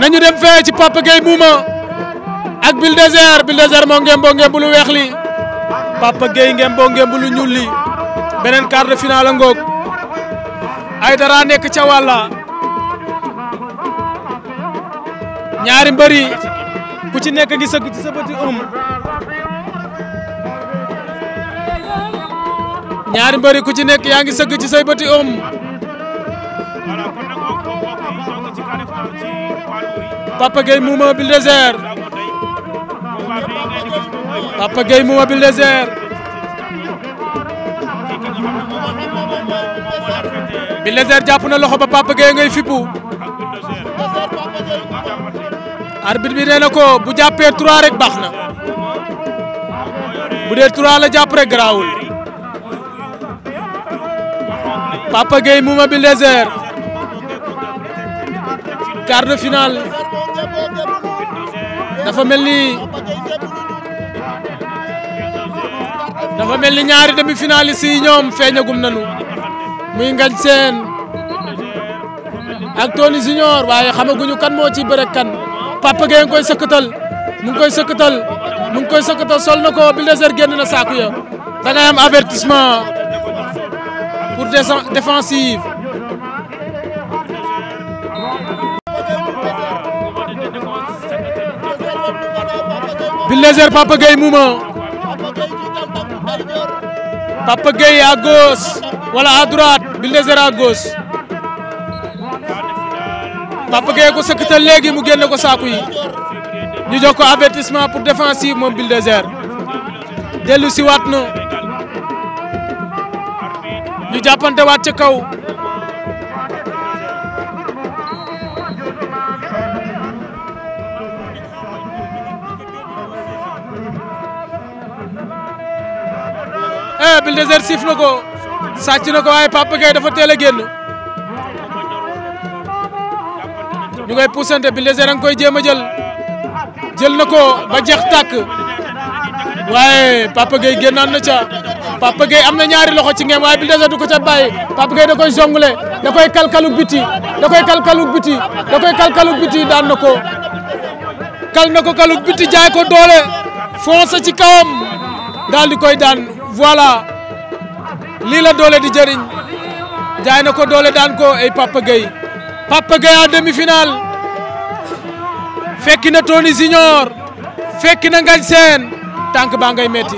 nañu dem fee ci Papa Gueye Mouma ak Bulldozer Bulldozer moo ngeen boo ngeen bu lu weex li Papa Gueye ngeen boo ngeen ñuul beneen quart de finale ay dara nekk ca wàlla ñaari mbëri ku ci nekk ngi sëgg ci sa bëti um ñaari mbëri ku ci nekk yaa ngi sëgg ci say bëti um Papa Gueye Mouma Bulldozer Papa Gueye Mouma Bulldozer Bulldozer jàpp na loxo ba Papa Gueye ngay fippu arbitre bi nee na ko bu jàppee 3 rek baax na bu dee 3 la jàpp garaawul Papa Gueye Mouma Bulldozer quart finale dafa mel ni dafa mel ni ñaari demi finaliste yi nañu muy Ngagne Sène ak Tony Junior waaye xamaguñu kan moo ci bëre kan Papa koy sëkkatal mu ngi koy sëkkatal mu koy sëkkatal sol na ko Bulldozer génn na saako ya da ngay am avertissement Bulldozer Papa Gueye Mouma Papa Gueye à gauche wala à droite Bulldozer à léegi mu génne ko saaku yi ñu jox ko avertissement pour défensive moom Bulldozer dellu si waat na ñu jàppante waat ca kaw eh Bulldozer siif na ko sàcc na ko waaye Papa dafa teel a génn ñu ngay puusante Bulldozer a koy jéem a jël jël na ko ba jeex tàkk waaye Papa Gueye génnaan na ca Papa Gueye am na ñaari loxo ci ngeen waaye Bulldozer du ko ca bàyyi Papa da koy jongle da koy kalkaluk biti da koy kalkaluk biti da biti daan na ko kal na ko kaluk biti jaay ko doole fonce ci kawam daal di koy daan voilà lii la doole di jëriñ jaay na ko doole daan ko ay Papa Gueye Papa Gueye fekki na Tony Junior fekki na Ngagne Sène tànk baa ngay metti